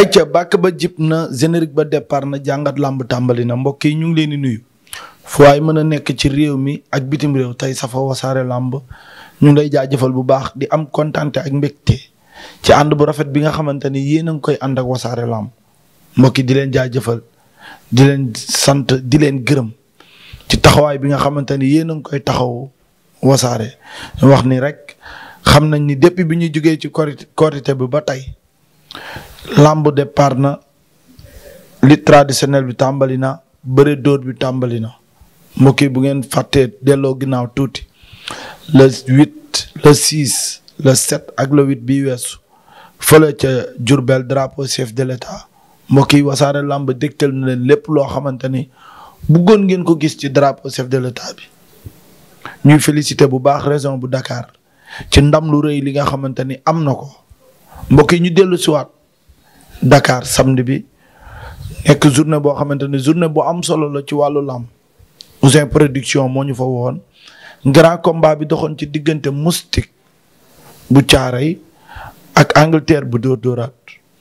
ay ca bàkk ba jib na générique ba départ na jàngat làmb tàmbali na mbokk yi ñu ngi leen di nuyu fu waay mën a nekk ci réew mi ak bitim réew tey safa wasaare làmb ñu ngi lay jaajëfal bu baax di am kontaan ak mbékte ci ànd bu rafet bi nga xamante ni yéen a ngi koy ànd wasaare làmb mbokk yi di leen jaajëfal di leen sant di leen gërëm ci taxawaay bi nga xamante ni yéen a ngi koy taxaw wasaare wax ni rek xam nañ ni depuis bi ñu jógee ci korité bi ba tey làmb départ na li traditionnel bi tàmbali na bëre dóor bi tàmbali na mbokk bu ngeen fàttee delloo ginnaaw tuuti le huit le six le sept ak le huit bi weesu fële ca Diourbel drapeau chef de l'état mbokk yi wasaare làmb dégtal na leen lépp loo xamante ni bëggoon ngeen ko gis ci drapeau chef de l'état bi ñuy félicité bu baax région bu Dakar ci ndam lu rëy li nga xamante ni am na ko mbokk yi ñu dellu siwaat Dakar samedi bi nekk journée boo xamante ne journée bu am solo la ci wàllu làmb Ouzin Production moo ñu fa woon grand combat bi doxoon ci diggante Moustique bu Caaray ak Angleterre bu dóor dóoraat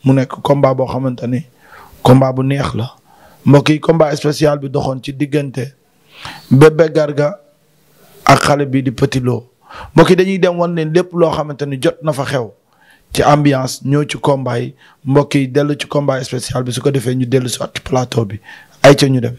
mu nekk combat boo xamante ni combat bu neex la mbokk yi combat spécial bi doxoon ci diggante Bébé Garga ak xale bi di Petit mbokki dañuy dem wan leen lépp loo xamante ni jot na fa xew ci ambiance ñëw ci combat yi mbokk yi dellu ci combat spécial bi su ko defee ñu dellu si waat bi ay ca ñu dem.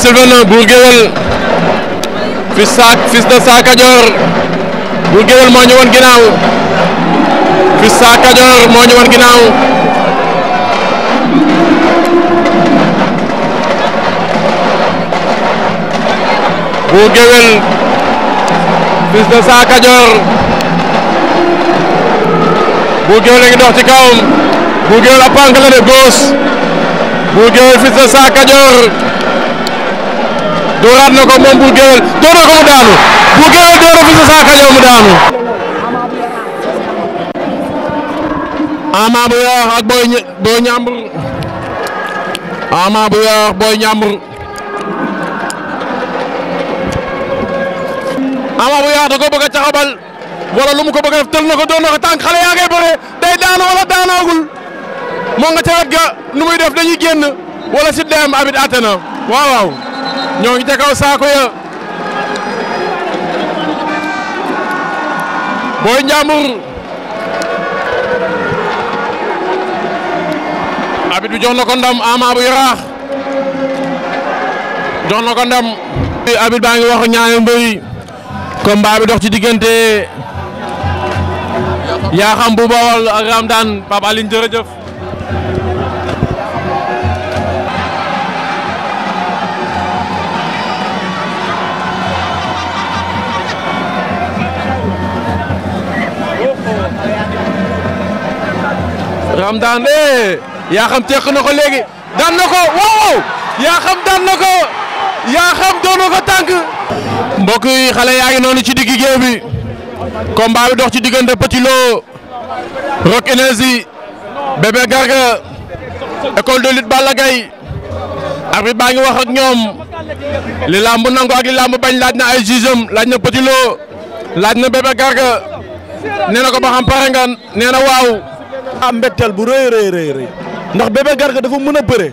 Sylvain Bour Gueweul fils sa de Sa Cadior Bour Gueweul moo ñu wan ginnaaw fils Sa Cadior moo ñu wan ginnaaw Bour Gueweul fils de ci kawam Bour Gueweul ab pànk la de góos Bour dooraat na ko moom Bour Gueweul door na ko mu daanu Bour Gueweul door na Fils de Sa mu daanu. bu Yoff ak Boy Boy Ñambur bu Yoff Boy Ñambur Ama bu Yoff da ko a caxabal wala lu mu ko bëgg a def tël na ko doon na ko tànk xale yaa ngay bëre day daanu wala daanaagul moo nga ca wet ga nu muy def dañuy génn wala si dem abit àtte na ñoo ngi ca kaw saako ya Boy Ndiambour abit bi jox na ko ndam Ama bu Yaraax jox na ko abit baa ngi wax ñaari mbër yi combat bi dox ci diggante Yaxam bu Bawol ak Ramdan Pape Aline jërëjëf Ramdan eh yaa xam teq na ko léegi daan na ko waaw yaa xam daan na ko yaa xam doon ko tànk. mbokk yi xale yaa ngi noonu ci digg géew bi combat bi dox ci diggante Petit Lo Rock Énergie Bébé Garga école de lutte Balla Gaye arbitre baa ngi wax ak ñoom li làmb nangu ak li làmb bañ laaj na ay jugeem laaj na Petit Lo laaj na Bébé Garga nee ko ba xam pare nga nee waaw. am mbégteel bu rëy rëy rëy rëy ndax Bébé Garga dafa mën a bëre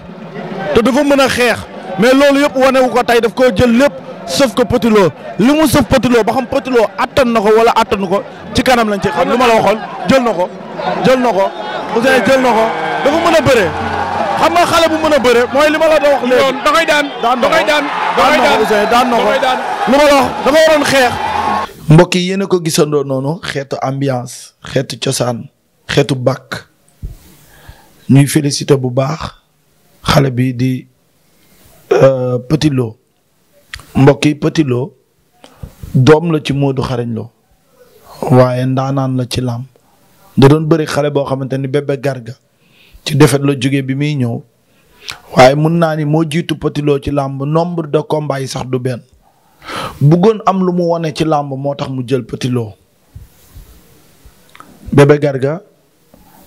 te dafa mën a xeex mais loolu yëpp wanewu ko tey daf koo jël lépp sëf ko Petit Lo li mu sëf Petit Lo ba xam Petit Lo na ko wala àttanu ko ci kanam lañ ci xam lu ma la waxoon jël na ko jël na ko Ousseyn mën a bëre xam nga xale bu mën a bëre mooy li ma la da wax léegi da koy daan lu ma la dafa waroon xeex mbokk yi yéen a ko gisandoo noonu xeetu ambiance xeetu cosaan xeetu bàkk ñuy félicité bu baax xale bii di euh, Petit Lo mbokk yi Petit doom la ci Modou Xarañ Lo waaye ndaanaan la ci làmb da doon bëri xale boo xamante ni bébé garga ci defet la jóge bi muy ñëw waaye mun naa ni moo jiitu Petit ci làmb nombre de combay sax du benn buggoon am lu mu wone ci làmb moo tax mu jël Petit bébé garga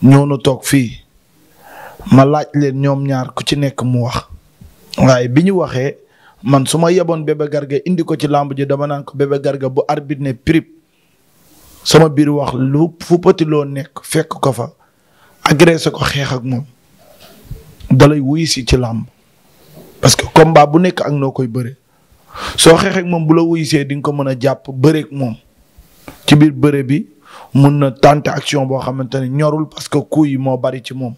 ñëw na toog fii ma laaj leen ñoom ñaar ku ci nekk mu wax waaye bi ñu waxee man su ma yeboon Bébé Garga indi ko ci làmb ji dama naan ko Bébé Garga bu arbitre ne prip sama biir wax lu fu Petit nekk fekk ko fa agressé ko xeex ak moom dalay wuy si ci làmb parce que combat bu nekk ak noo koy bëre soo xeexeek moom bu la wuysee di nga ko mën a jàpp bëreek moom ci biir bëre bi mun na tenter action boo xamante ne ñorul parce que coup yi moo bari ci moom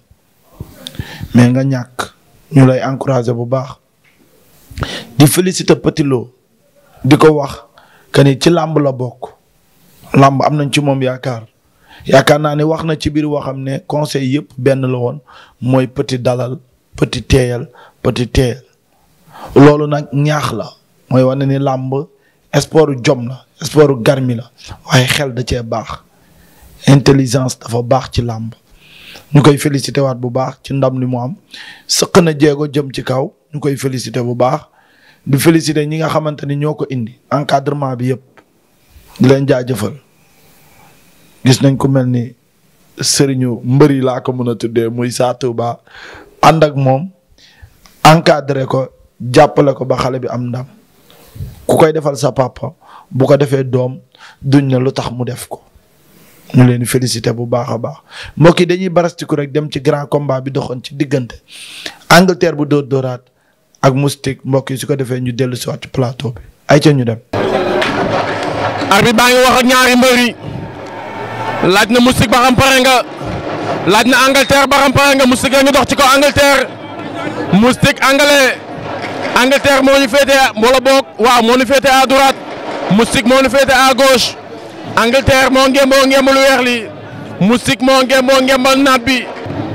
mais nga ñàkk ñu lay encourager bu baax di féliciter Petit Lo di ko wax que ni ci làmb la bokk làmb am nañ ci moom yaakaar yaakaar naa ne wax na ci biir waxam ne conseil yëpp benn la woon mooy Petit dalal Petit teeyal Petit teeyal loolu nag ñaax la mooy na ni làmb sport jom la sport garmi la waaye xel da cee baax intelligence dafa baax ci làmb ñu koy félicité waat bu baax ci ndam li mu am sëq na jéego jëm ci kaw ñu koy félicité bu baax du félicité ñi nga xamante ni ñoo ko indi encadrement bi yëpp di leen jaajëfal gis nañ ko mel ni sëriñu mbëri laa ko mën a tuddee muy Sa Touba ànd ak moom encadré ko jàppale ko ba xale bi am ndam ku koy defal sa papa bu ko defee doom duñ na lu tax mu def ko ñu leen di félicité bu baax a baax mbokk yi dañuy barastiku rek dem ci grand combat bi doxoon ci diggante Angleterre bu dóor dóoraat ak Moustique mbokk su ko defee ñu dellu si waat ci plateau bi ay ca ñu dem. arbitre baa ngi wax ak ñaari mbër laaj na Moustique ba xam pare nga laaj na Angleterre ba xam pare nga Moustique la ñu dox ci ko Angleterre Moustique anglais Angleterre moo ñu féetee wala boog waaw moo ñu féetee à droite Moustique moo ñu féetee à gauche. Angleterre moo ngem boo ngembal weex li Moustique moo ngem boo ngembal bi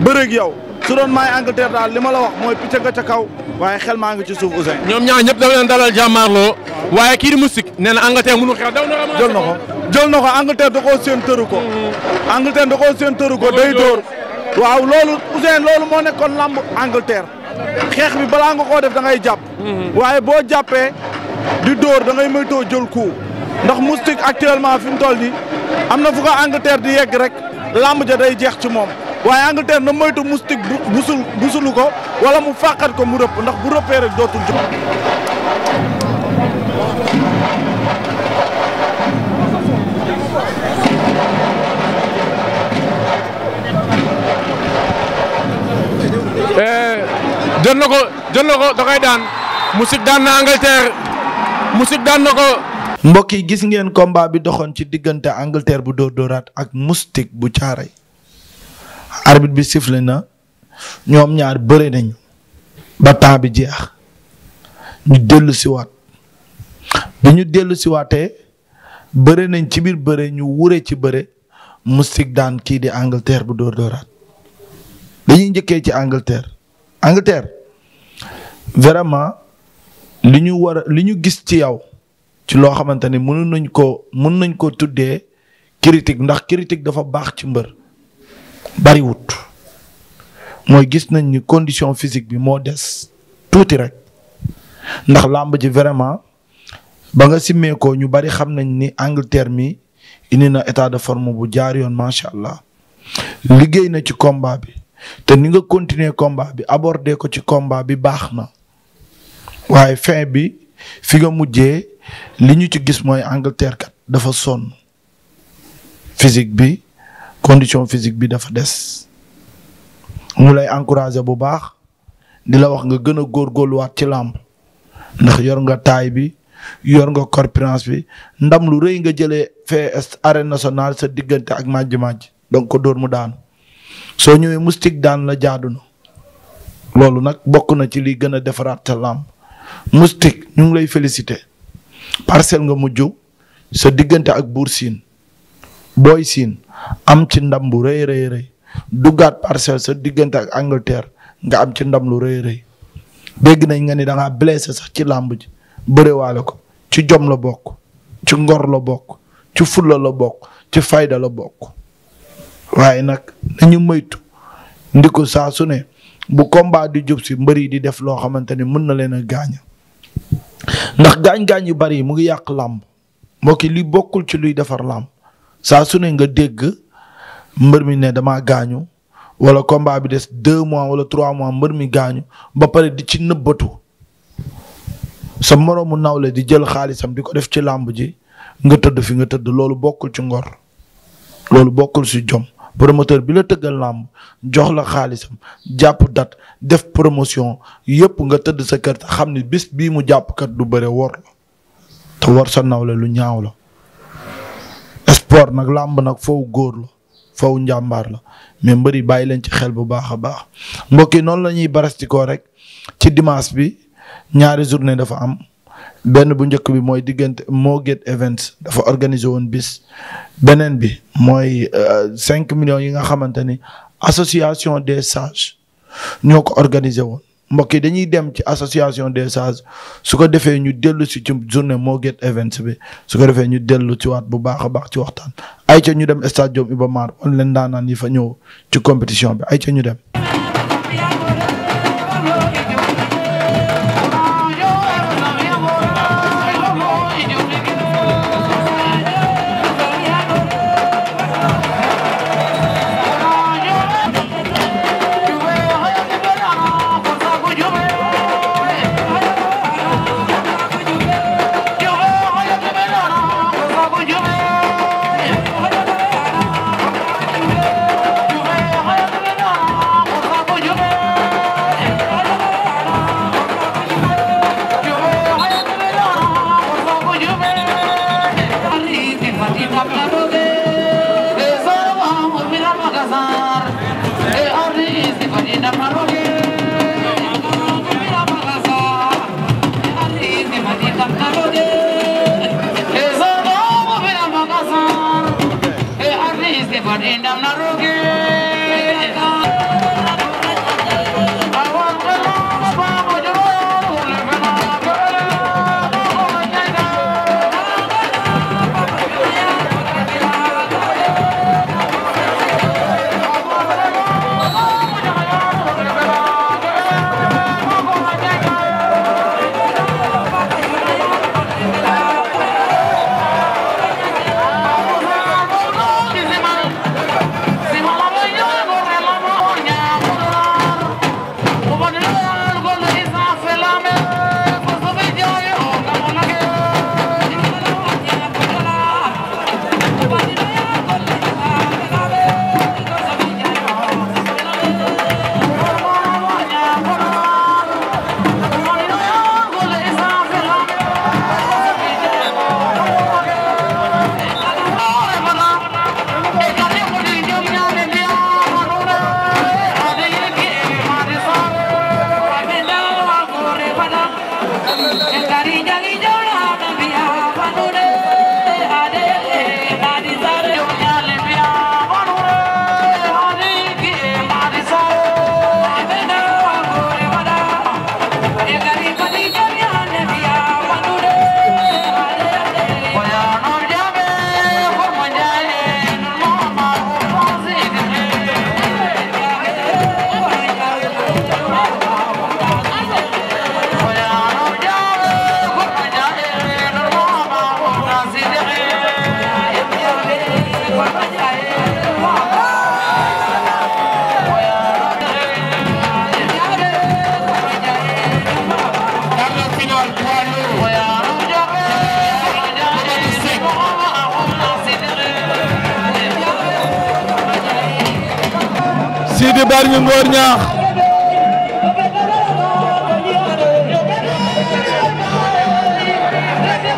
bërëg yow su doon maay Angleterre daal li ma la wax mooy picc nga ca kaw waaye xel maa ngi ci suuf Ousseyn ñoom ñaar ñëpp dafa leen dalal jàmmaarloo waaye kii di Moustique nee na Angleterre mënu xew daw na jël na ko jël na ko Angleterre da koo seen tëru ko mm-hmm. Angleterre da koo seen tëru ko day dóor waaw loolu Ousseyn loolu moo nekkoon lamb Angleterre xeex bi balaa nga koo def da ngay jàpp mm-hmm. waaye boo jàppee di dóor da ngay moytoo jël coup ndax Moustique actuellement fi mu toll nii am na fu ko Angleterre di yegg rek làmb ja day jeex ci moom waaye Angleterre na moytu Moustique bu busul busulu ko walla mu fàqat ko mu rëpp ndax bu rëppee rek dootul jóg. Eh, jël na ko jël na ko da koy daan Moustique daan na Angleterre Moustique daan na ko. mbokk yi gis ngeen combat bi doxoon ci diggante Angleterre bu dóor dóoraat ak Moustique bu caaray arbitre bi sifle na ñoom ñaar bëre nañu ba temps bi jeex ñu dellu siwaat bi ñu dellu siwaatee bëre nañ ci biir bëre ñu wure ci bëre Moustique daan kii di Angleterre bu dóor dóoraat dañuy njëkkee ci Angleterre Angleterre vraiment li ñu war li ñu gis ci yow ci loo xamante ni mënu nañ ko mën nañ ko tuddee critique ndax critique dafa baax ci mbër bariwut mooy gis nañ ni condition physique bi moo des tuuti rek ndax làmb ji vraiment ba nga simmee ko ñu bari xam nañ ni Angleterre mi indi na état de forme bu jaar yoon macha allah liggéey na ci combat bi te ni nga continuer combat bi aborder ko ci combat bi baax na waaye fin bi fi nga mujjee li ñu ci gis mooy Angleterre dafa sonn physique bi condition physique bi dafa des mu lay encourager bu baax di la wax nga gën a góorgóorluwaat ci làmb ndax yor nga taay bi yor nga corpulence bi ndam lu rëy nga jële fee arène nationale sa diggante ak màjj-màjj donc ko dóor mu daan soo ñëwee moustique daan la jaadu na loolu nag bokk na ci liy gën a defaraat sa làmb moustique ñu lay félicité parcelle nga mujj sa diggante ak buur siin booy siin am ci ndam bu rëy rëy rëy duggaat parcelle sa diggante ak Angleterre nga am ci ndam lu rëy rëy dégg nañ nga ni danga ngaa blessé sax ci làmb ji bëriwaale ko ci jom la bokk ci ngor la bokk ci fulla la bokk ci fayda la bokk waaye nag dañu maytu ndiku saa su ne bu combat di jub si mbër yi di def loo xamante ni mën na leen a gaaña ndax gaañ-gaañ yu bari mu ngi yàq làmb mbokk li bokkul ci luy defar làmb saa su ne nga dégg mbër mi ne dama gaañu wala combat bi des deux mois wala trois mois mbër mi gaañu ba pare di ci nëbbatu sa moroomu nawle di jël xaalisam di ko def ci làmb ji nga tëdd fi nga tëdd loolu bokkul ci ngor loolu bokkul ci jom promoteur bi la tëggal làmb jox la xaalisam jàpp dat def promotion yëpp nga tëdd sa kër te xam ni bis bii mu jàppkat kat du bëre wor la te war sa nawle lu ñaaw la sport nag làmb nag fow góor la fow njàmbaar la mais mbëri bàyyi leen ci xel bu baax a baax mbokk yi noonu la ñuy barastikoo rek ci dimaas bi ñaari journée dafa am. benn bu njëkk bi mooy diggante moo gate event dafa organiser woon bis beneen bi mooy euh, cinq millions yi nga xamante ni association des sages ñoo ko organiser woon mbokk yi dañuy dem ci association des sages su ko defee ñu dellu si ci journée moo gate bi su ko defee ñu dellu ci waat bu baax a baax ci waxtaan ay ca ñu dem stade Iba ba Diop wan leen daanaan yi fa ñëw ci compétition bi ay ca ñu dem di Bargny Ngor Niakh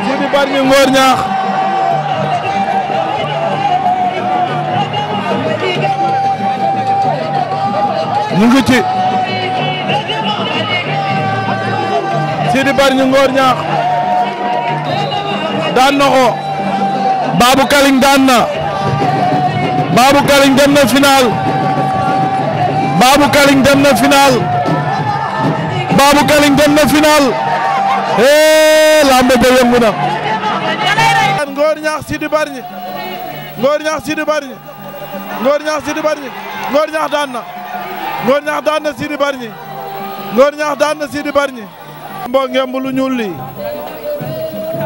kii di Bargny Ngor Niakh ñu ngi daan na ko Babou Kaling daan na Babou Kaling dem na final Babou Kaling dem na final Babou Kaling dem na final hee eh, lamb ja yëngu na. Ngor ñaax Sidi Bargny Ngor ñaax Sidi Bargny Ngor ñaax Sidi Bargny Ngor ñaax daan na Ngor ñaax daan na Sidi Bargny Ngor ñaax daan na Sidi Bargny. Mbo ngemb ñuul lii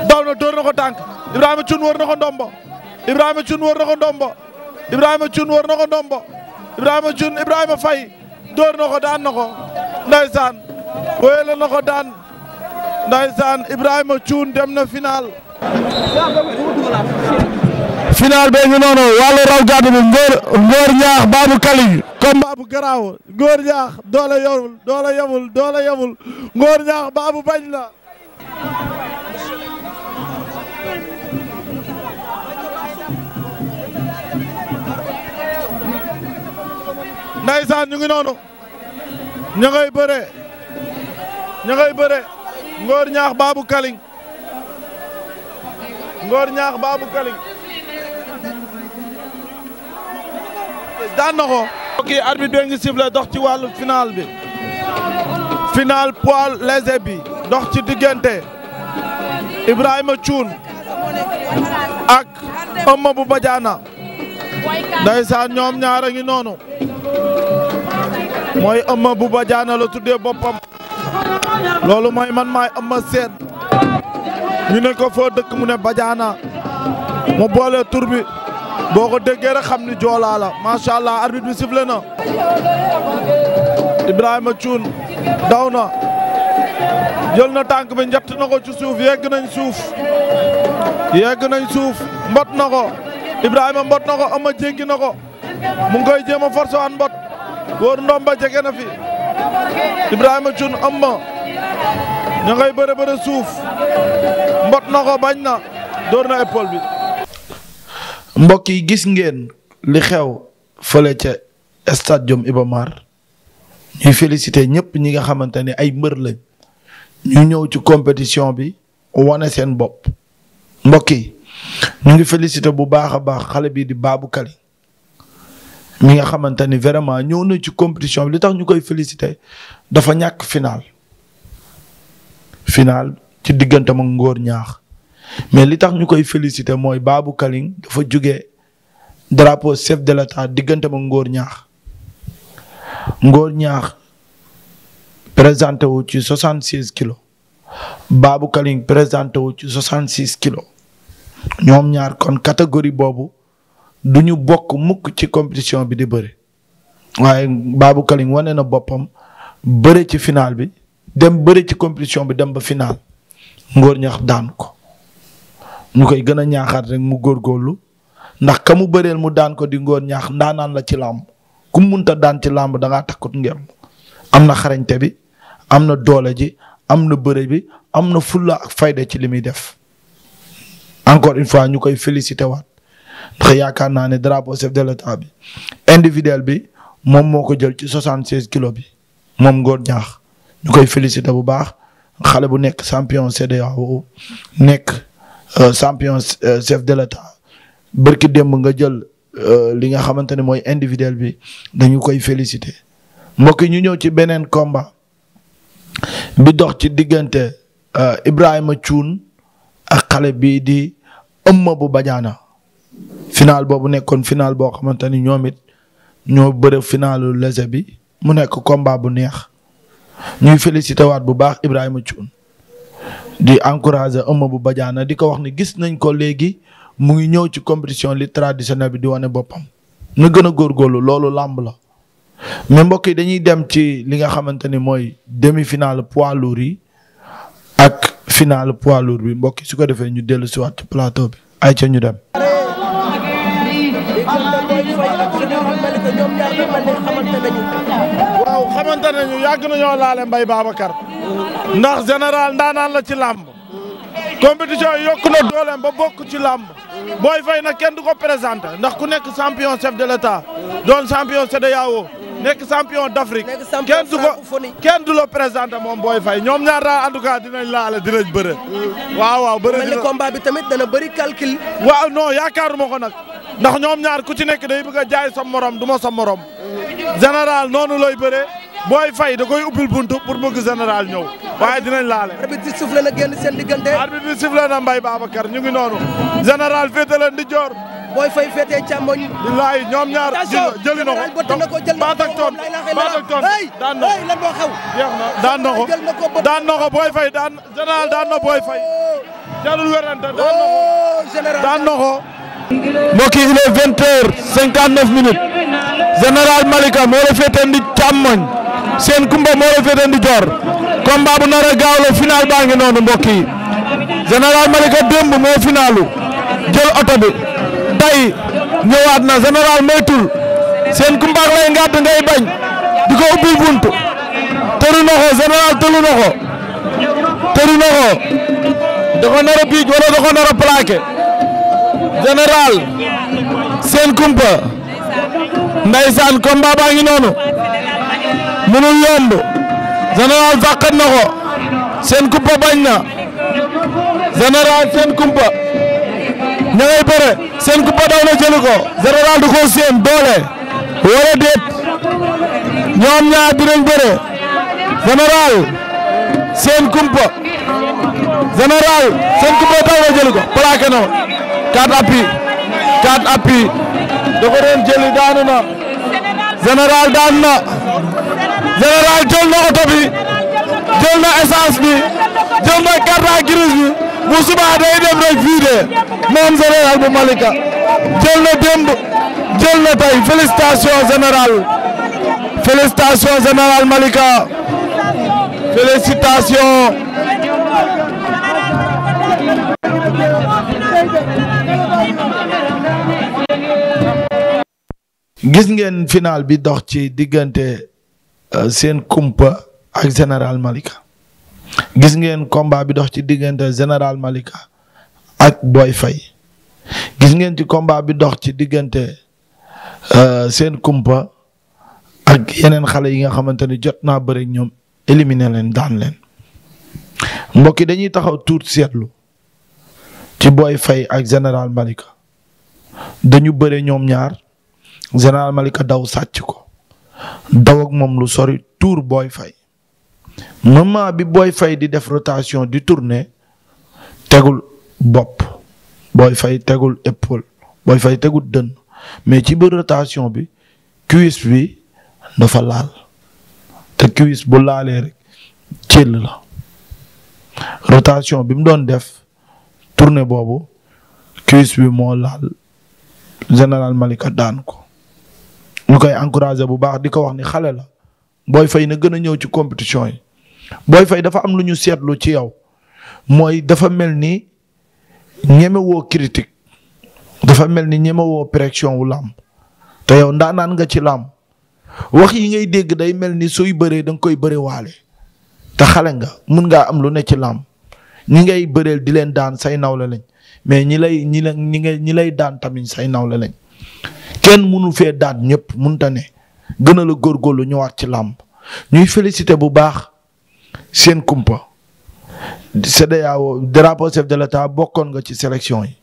daw na dóor na ko tànk Ibrahima Thioune wër na ko ndombo Ibrahima Thioune wër na ko ndombo Ibrahima Thioune wër na ko ndombo. Ibrahima Dioune Ibrahima Faye dóor na ko daan na ko ndeysaan wéyal na ko daan ndeysaan Ibrahima Dioune dem na final. final bee ngi noonu wàllu raw gàddu bi ngóor baabu kali combat bu garaaw ngóor ñaax doole yorul doole yemul doole yemul ngóor ñaax baabu bañ la Ndeysaan ñu ngi noonu ñu ngay bëre ñu ngay bëre Ngor ñaax baabu Kaling Ngor ñaax Babou Kaling daan na ko kii arbitre bi ngi sifflé dox ci wàllu finaal bi final poids léger bi dox ci diggante Ibrahima Thioune ak Eumeu bu Badiana ndeysaan ñoom ñaar a ngi noonu mooy Eumeu bu Badiana la tuddee boppam loolu mooy man maay Eumeu Sène ñu ne ko foo dëkk mu ne Badiana mu boole tur boo ko déggee rek xam ni joolaa la macha allah arbitre bi sifflé na Ibrahima Thioune daw na jël na tànk bi njett na ko ci suuf yegg nañ suuf yegg nañ suuf mbot na ko Ibrahima mbot na ko Eumeu jéngi na ko mu ngi koy jéem a forcé waan mbot wóor jege na fi Ibrahima Thioune am ma ña ngay bëre bëre suuf mbot na ko bañ na dóor na épaule bi. mbokk yi gis ngeen li xew fële ca stadium Iba ñuy félicité ñëpp ñi nga xamante ne ay mbër lañ ñu ñëw ci compétition bi wane seen bopp mbokk yi ñu ngi félicité bu baax a baax xale bii di Babou Kaly mi nga xamante ni vraiment ñëw na ci compétition li tax ñu koy félicité dafa ñàkk final. final ci diggante ma ngóor ñaax mais li tax ñu koy félicité mooy Babou Kaling dafa jóge drapeau chef de l'état diggante ma ngóor ñaax ngóor ñaax présenté wu ci 76 kilos Babou Kaling présenté wu ci 66 kilos ñoom ñaar kon catégorie boobu. du ñu bokk mukk ci compétition bi di bëri waaye babu Kaling wane na boppam bëre ci final bi dem bëre ci compétition bi dem ba finaal ngóor ñax daan ko ñu koy gën a ñaaxaat rek mu góorlu ndax ka mu bëreel mu daan ko di ngóor ñaax ndaanaan la ci làmb ku mu munta daan ci làmb da ngaa takkut ngem am na xarañte bi am na doole ji am na bëre bi am na fulla ak fayda ci li muy def encore une fois ñu koy félicité waat ndax yaakaar naa ne drapeau chef de l'état bi individuel bi moom moo ko jël ci soixante seize kilos bi moom Ngor Niakh ñu koy félicité bu baax xale bu nekk champion CEDEAO nekk euh, champion euh, chef de l'état bërki démb nga jël euh, li nga xamante ne mooy individuel bi dañu koy félicité mbokk yi ñu ñëw ci beneen combat bi dox ci diggante Ibrahima Thioune ak xale bii di Eumeu bu Badiana boo bu nekkoon final boo xamante ni ñoom it ñoo bëre finalu léger bi mu nekk combat bu neex ñuy félicité waat bu baax Ibrahima Thioune di encouragé ëmb bu bajaana di ko wax ni gis nañ ko léegi mu ngi ñëw ci compétition li traditionnel bi di wane boppam na gën a góor góorgóorlu loolu làmb la mais mbokk yi dañuy dem ci li nga xamante ni mooy demi finale poids lour yi ak finale poids lour bi mbokk yi su ko defee ñu dellu si waat ci plateau bi ay ca ñu dem ñoom ñaar dafa mel ni xamante nañu. waaw xamante nañu yàgg nañoo laale Mbaye Babacar. ndax général ndaanaan la ci làmb. compétition yi yokku na dooleem ba bokk ci làmb. booy fay nag kenn du ko présenté ndax ku nekk champion chef de l' état doon champion CEDEAO nekk champion d' Afrique kenn du ko kenn du la moom booy fay ñoom ñaar daal en tout laale dinañ bëre. waaw waaw bëre dina tamit dana bëri calcul. waaw non yaakaaruma ko nag. ndax ñoom ñaar ku ci nekk day bëgg a jaay sa morom du ma sa morom général noonu lay bëree booy fay da koy ubbil buntu pour bëgg général ñëw waaye dinañ laale. arbitre bi sifflé na génn seen diggante. arbitre bi sifflé na Mbaye Babacar ñu ngi noonu. général féete la di joor. booy fay féetee càmmoñ. bilaay ñoom ñaar jëli na ko donc baat ak ko lan moo xew. jeex na daan na ko daan na ko booy fay daan général daan na booy fay. Oh. jalul werante daan na ko oh, mbokk yi il est vingt heures cinquante neuf minutes général Malika moo la féetee ndi càmmoñ seen kumba moo la féetee ndi joor combat bu nar gaaw la final baa noonu mbokk général Malika démb moo finalu jël oto tay ñëwaat na général moytul seen kumba lay ngàdd ngay bañ di ko ubbil tëru na général tëru na tëru na ko da ko wala da ko nar général seen kumpa ndeysaan combat baa ngi noonu mënul yomb général fàqat na seen kumpa bañ na général seen kumpa ña ngay bëre seen kumpa daw na jëli du ko seen doole wala déet ñoom ñaar dinañ bëre général seen kumpa général seen kumpa daw na jëli ko plaqué quatre appuis quatre appuis da ko doon jëli daanu na général daanu na général jël na oto bi jël na essence bi jël bi bu subaa day dem rek fii de moom général Malika jël na démb jël na tey félicitation général félicitation général Malika félicitation. gis ngeen finaal bi dox ci diggante euh, seen kumpa ak général Malika gis ngeen comba bi dox ci diggante général Malika ak Boy fay gis ngeen ci comba bi dox ci diggante euh, seen kumpa ak yeneen xale yi nga xamante ni jot na bëri ñoom éliminer leen daan leen mbokk dañuy taxaw tuut seetlu ci Boy fay ak général Malika dañu bëre ñoom ñaar. général Malika daw sàcc ko daw ak moom lu sori tour booy fay moment bi booy fay di def rotation di tourner tegul bopp booy fay tegul épaule booy fay mais ci biir rotation bi cuisse bi dafa laal te cuisse bu laalee rek cell la rotation bi mu doon def tournée boobu cuisse bi moo laal général Malika daan ko ñu koy encouragé bu baax di ko wax ni xale la booy fay na gën a ñëw ci compétition yi booy fay dafa am lu ñu seetlu ci yow mooy dafa mel ni ñemewoo critique dafa mel ni ñemewoo pression wu làmb te yow ndaanaan nga ci làmb wax yi ngay dégg day mel ni sooy bëree da nga koy bëri te xale nga mun ngaa am lu ne ci làmb ñi ngay bëreel di leen daan say naw lañ mais ñi lay ñi ngay ñi lay daan tamit say nawle lañ kenn mënu fee daat ñëpp mënta ne gën la la góorgóorlu ñëwaat ci làmp ñuy félicité bu baax seen kumpa CEDEAO drapeau chef de l'état bokkoon nga ci sélection yi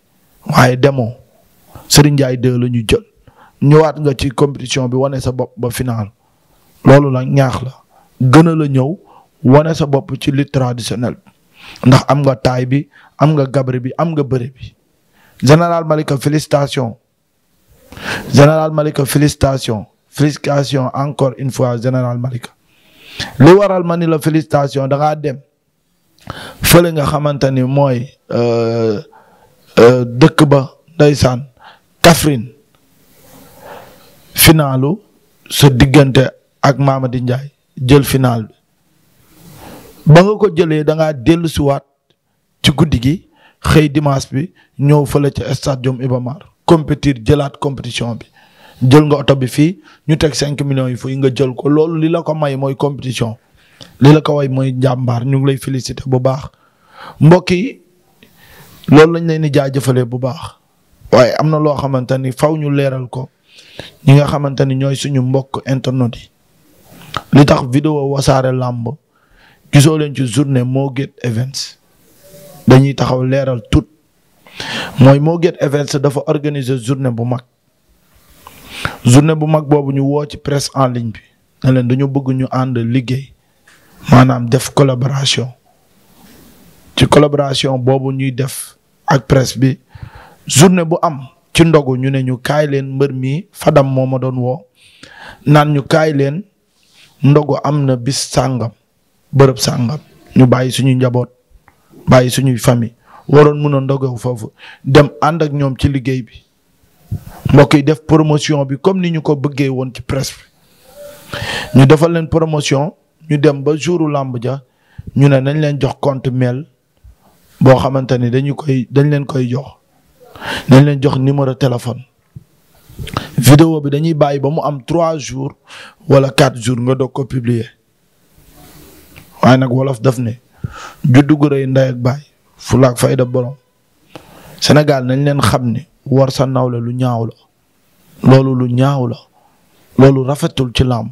waaye demoo Serigne Ndiaye 2 la ñu jël ñëwaat nga ci compétition bi wane sa bopp ba final loolu la ñaax la gëna la ñëw wane sa bopp ci lutte traditionnelle ndax am nga taay bi am nga gabarit bi am nga bëre bi général Malika félicitation général Malika félicitation félicitation encore une fois général Malika li waral ma ni la félicitation da ngaa dem fële nga xamante ni mooy euh, euh, dëkk ba ndeysaan Kaffrine finalu sa diggante ak Mamadi Ndiaye jël final bi ba nga ko jëlee da ngaa dellu siwaat ci guddi gi xëy dimas bi ñëw fale ci stadium Iba Mar compétir jëlaat compétition bi jël nga oto bi fii ñu teg cinq millions yi yi nga jël ko loolu li la ko may mooy compétition li la ko way mooy jàmbaar ñu ngi lay féliciter bu baax mbokk yi loolu lañ leen di jëfalee bu baax waaye am na loo xamante ni faw ñu leeral ko ñi nga xamante ni ñooy suñu mbokk internet yi li tax vidéo wasaare làmb gisoo leen ci journée Mo Gates Events dañuy taxaw leeral tout mooy moo get events dafa organiser journée bu mag journée bu mag boobu ñu woo ci presse en ligne bi ne leen dañu bëgg ñu ànd liggéey maanaam def collaboration ci collaboration boobu ñuy def ak presse bi journée bu am ci ndogu ñu ne ñu kaay leen mbër mi fadam moo ma doon woo naan ñu kaay leen ndogu am na bis sàngam bërëb sàngam ñu bàyyi suñu njaboot bàyyi suñuy famille waroon mun a ndogew foofu dem ànd ak ñoom ci liggéey bi mbokk yi def promotion bi comme ni ñu ko bëggee woon ci presse bi ñu defal leen promotion ñu dem ba jour làmb ja ñu ne nañ leen jox compte mail boo xamante ni dañu koy dañ leen koy jox dañ leen jox numéro téléphone vidéo bi dañuy bàyyi ba mu am trois jours wala quatre jours nga doog ko publier waaye nag wolof daf ne juddu gu rëy ndey ak baay fulaak fayda borom Sénégal nañ leen xam ni war sa nawle lu ñaaw la loolu lu ñaaw la loolu rafetul ci làmb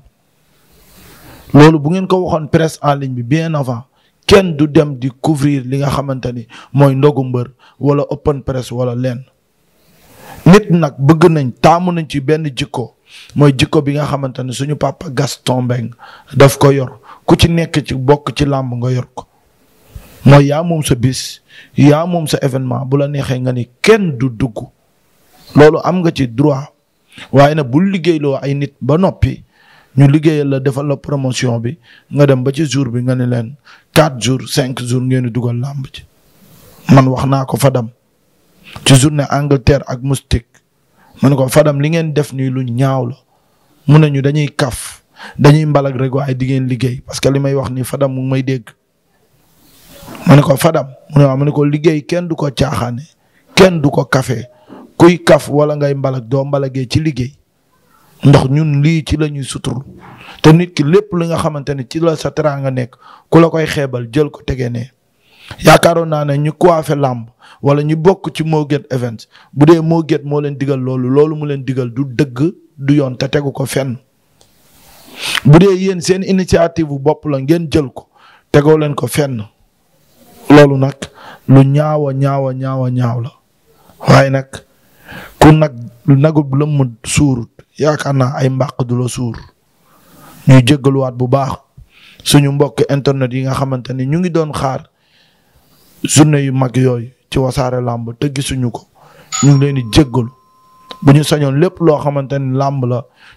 loolu bu ngeen ko waxoon presse en ligne bi bien avant kenn du dem di couvrir li nga xamante ni mooy ndogu mbër wala open press walla leen nit nag bëgg nañ taamu nañ ci benn jikko mooy jikko bi nga xamante ne suñu papa Gaston Mbengue daf ko yor ku ci nekk ci bokk ci làmb nga yor ko moo yaa moom sa bis yaa moom sa événement bu la neexee nga ni kenn du dugg loolu am nga ci droit waaye nag bul liggéeyloo ay nit ba noppi ñu liggéeyal la defal la promotion bi nga dem ba ci jour bi nga ne leen quatre jours cinq jours ngeen di dugal làmb ci man wax naa ko Fadam ci journée Angleterre ak Moustique man ko Fadam li ngeen def nii lu ñaaw la mu na ñu dañuy kaf dañuy mbalak rek waaye di ngeen liggéey parce que li may wax nii Fadam mu may dégg. ma ne ko Fadam mu ne ma ne ko liggéey kenn du ko caaxaane kenn du ko kafe kuy kaf wala ngay mbalak doo mbalagee ci liggéey ndox ñun lii ci la ñuy sutur te nit ki lépp li nga xamante ne ci la sa teraanga nekk ku la koy xeebal jël ko tegee ne yaakaaroon naa ne ñu coiffé làmb wala ñu bokk ci Mo Gates Events bu dee Mo Gates moo leen digal loolu loolu mu leen digal du dëgg du yoon te tegu ko fenn bu dee yéen seen initiative bu bopp la ngeen jël ko tegoo leen ko fenn. loolu nag lu ñaawa a ñaaw a ñaaw la waaye nag ku nag nagub lëmm suurut yaakaar naa ay mbàq du la suur ñuy jéggaluwaat bu baax suñu mbokk internet yi nga xamante ni ñu ngi doon xaar journée yu mag yooyu ci wasaare làmb te gisuñu ko ñu ngi leen di jéggalu bu ñu sañoon lépp loo xamante ni làmb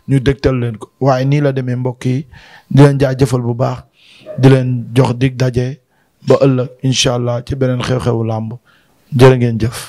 ñu dégtal leen ko waaye nii la demee mbokk yi di leen jaajëfal bu baax di leen jox dig daje ba ëllëg incha allah ci beneen xew-xewu làmb jërë ngeen jëf.